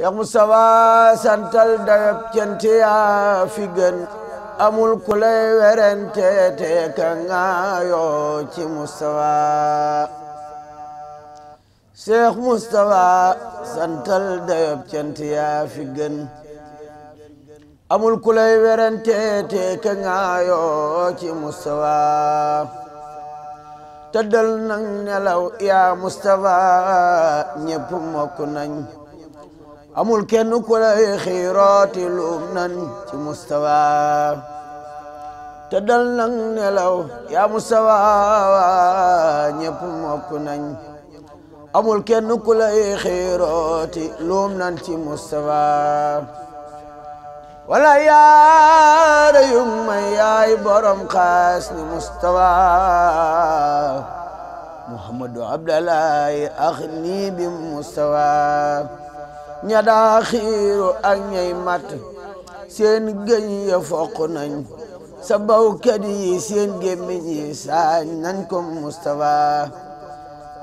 Cheikh Moustapha santal dayob cant yaa fi gën amul ku lay werante te ka ngaayoo ci Moustapha Cheikh Moustapha santal dayob cant yaa fi gën amul ku lay werante te ka ngaayoo ci Moustapha tëddal nang nelaw yaa Moustapha ñépp mokk nañ amul kenn ku lay xiirooti luum nan ci mustawa te dal nang nelaw yaa mustawa ñépp mokk nañ amul kenn ku lay xiirooti luum nan ci mustawa wala yaara yum may yaay borom xaas ni mustawa muhammadu abdalahi ax nii bi mustawa ña da xiiru ak ñay mat seen gëñ ya foq nañ sa bawkat yi seen gémmiñ yi nañ ko Mustafa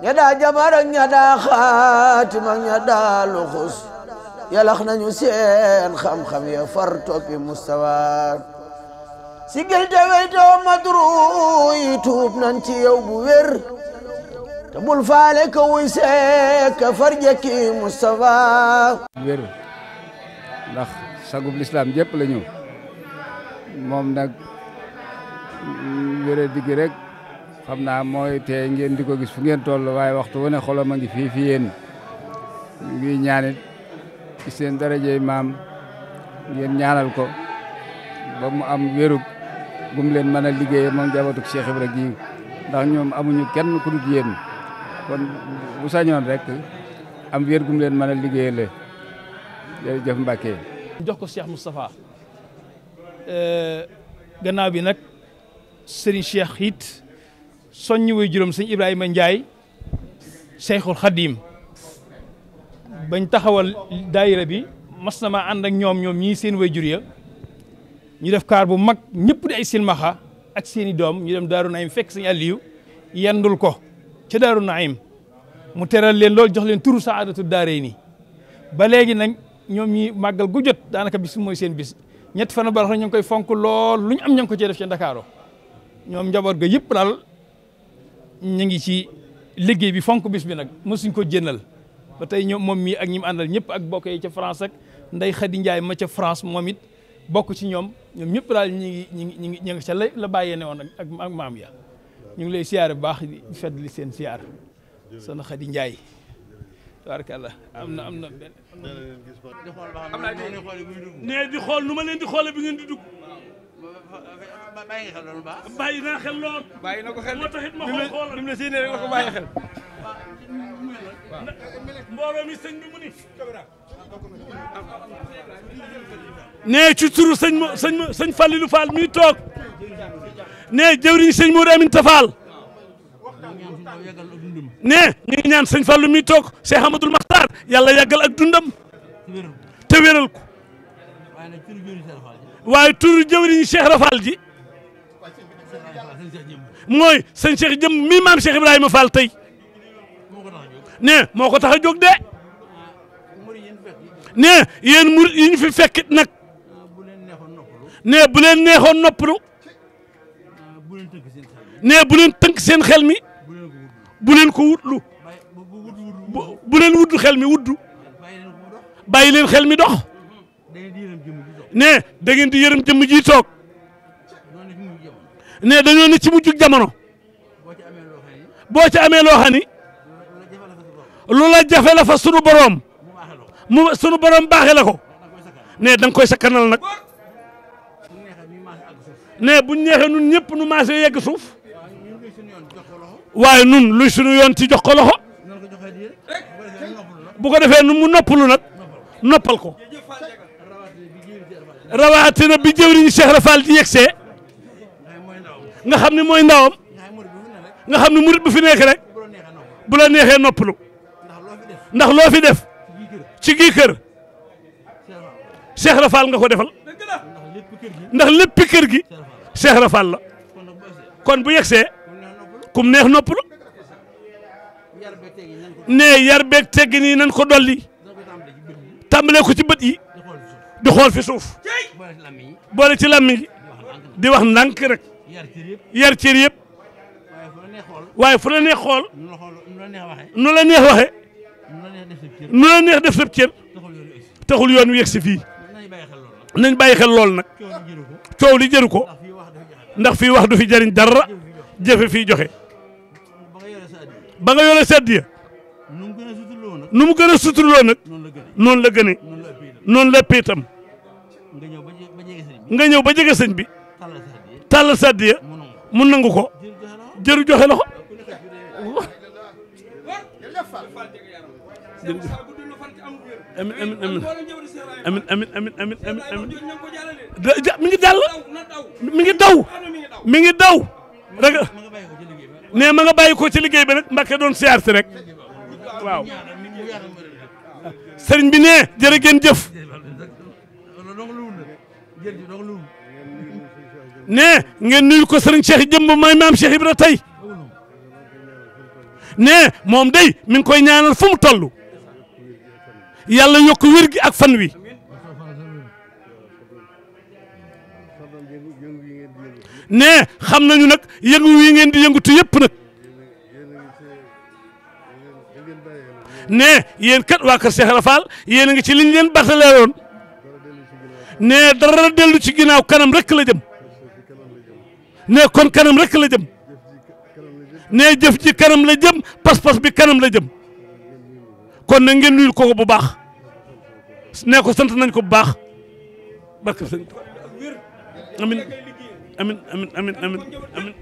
ña daa jamar ak ña daa xaatim ak ña daa luxus yalax nañu seen xam-xam ya far toppi Mustafa si te weytoo madru yi tuub nañ ci yow bu wér te bul faale ka wuy seek ka farje ki Moustapha ndax sagub lislaam jëpp la ñëw moom nag wére diggi rek xam naa mooy te ngeen di ko gis fu ngeen toll waaye waxtu wu ne xolam a ngi fii fi yéen ñu ngi ñaanit ci seen darajey maam ngeen ñaanal ko ba mu am wérub gum leen mën a liggéeye moom jabatuk Cheikh Ibra gi ndax ñoom amuñu kenn ku dul kon bu sañoon rek am wér gum leen mën a liggéeyale jërëjëf Mbacke. jox ko Cheikh Moustapha euh, gannaaw bi nag Serigne Cheikh it soññi wuy juróom sëñ Ibrahima njaay Cheikhul Khadim bañ taxawal daayira bi mas na maa ànd ak ñoom ñoom ñii seen way jur ya ñu def kaar bu mag ñëpp di ay silmaxa ak seeni doom ñu dem daaru naym fekk sëñ Aliou yendul ko ca daaru naim mu teral leen loolu jox leen turu saadatu daarey nii ba léegi nag ñoom ñi màggal gu jot daanaka bis mooy seen bis ñett fana barax ñu ngi koy fonk lool lu am ña ko cee def ñoom njaboot ga yëpp daal ñu ngi ci liggéey bi fonk bis bi nag mosuñ ko jënal ba tey ñoom moom mii ak ñi mu àndal ñëpp ak bokk yi ca France ak nday Xadi Njaay ma ca France moom it bokk ci ñoom ñoom ñëpp daal ñi ngi ñi ngi ñi ngi ca la la bàyyee ne woon ak ak maam ya ñu lay siyaar bu baax di fàttali seen siyaar soxna Xadi Njaay tabaarkalla am na am na benn nee di xool nu ma leen di xoole bi ngeen di dugg bàyyi naa xel lool bàyyi na ko mu ni nee ci turu sëñ ma sëñ nee jëwriñ sëñ Mourou Amin Tafal ne ñu ngi ñaan sëñ Fallou mi toog Cheikh Amadou Makhtar yàlla yàggal ak tundam te wéral ko waaye turu jëwriñ Cheikh Rafal ji mooy sëñ Cheikh jëm mi maam Cheikh Ibrahima Fall tey ne moo ko tax a jóg de ne yéen mur yi ñu fi fekkit nag ne bu leen neexoon noppalu nee bu leen tënk seen xel mi bu leen ko wutlu bu leen wutlu xel mi wutdu bàyyi leen xel mi dox nee da di yërëm jëmm ji toog nee dañoo ci jamono boo ci amee loo xam ni lu la jafe la fa sunu boroom mu sunu boroom baaxee la ko nee da nga koy sakkanal nag. ne bu ñu neexee nun ñëpp nu maase yegg suuf waaye nun luy suñu yoon ci jox ko loxo bu ko defee nu mu noppalu nag noppal ko rawatina bi jëwriñu Cheikh Rafal di yegsee nga xam ne mooy ndawam nga xam ne murit bu fi neex rek bu la neexee noppalu ndax loo fi def ci gii kër Cheikh nga ko defal ndax lépp kër gi Seex Ibra Faal la kon bu yegsee kum neex nopp la ne yar beeg teggi nii nan ko dolli tàmbalee ko ci bët yi di xool fi suuf boole ci làmmiñ gi di wax ndànk rek yar cër yëpp waaye fu la neex xool nu la neex waxe nu la neex def sab cër taxul yoon wi yegg si fii nañ bàyyi xel lool nag coow li jëru ko ndax fii wax du fi jariñ dara jëfe fii joxe ba nga yore sedd ya nu mu gën a suturloo nag noonu la gënee noonu la piitam nga ñëw ba jege sëñ bi tàll sedd ya mu nangu ko jëru joxe la mi ngi dal mi ngi daw mi ngi daw rek ne ma nga bàyyi ko ci liggéey ba nag Mbàkke doon siyaar si rek waaw bi ne jërë ngeen jëf ne ngeen nuyu ko sëriñ Cheikh jëmb may maam Cheikh Ibra tey ne moom day mi ngi koy ñaanal fu mu toll yàlla yokk wér gi ak fan wi ne xam nañu nag yëngu wi ngeen di yëngutu yëpp nag ne yéen kat waa Kër Cheikh Rafal yéen a ngi ci liñ leen bartaleeroon ne dara dellu ci ginnaaw kanam rekk la jëm ne kon kanam rekk la jëm ne jëf ji kanam la jëm pas-pas bi kanam la jëm. kon na ngeen nuyul kooku bu baax ne ko sant nañ ko bu baax barke sëñ amin amin amin amin amin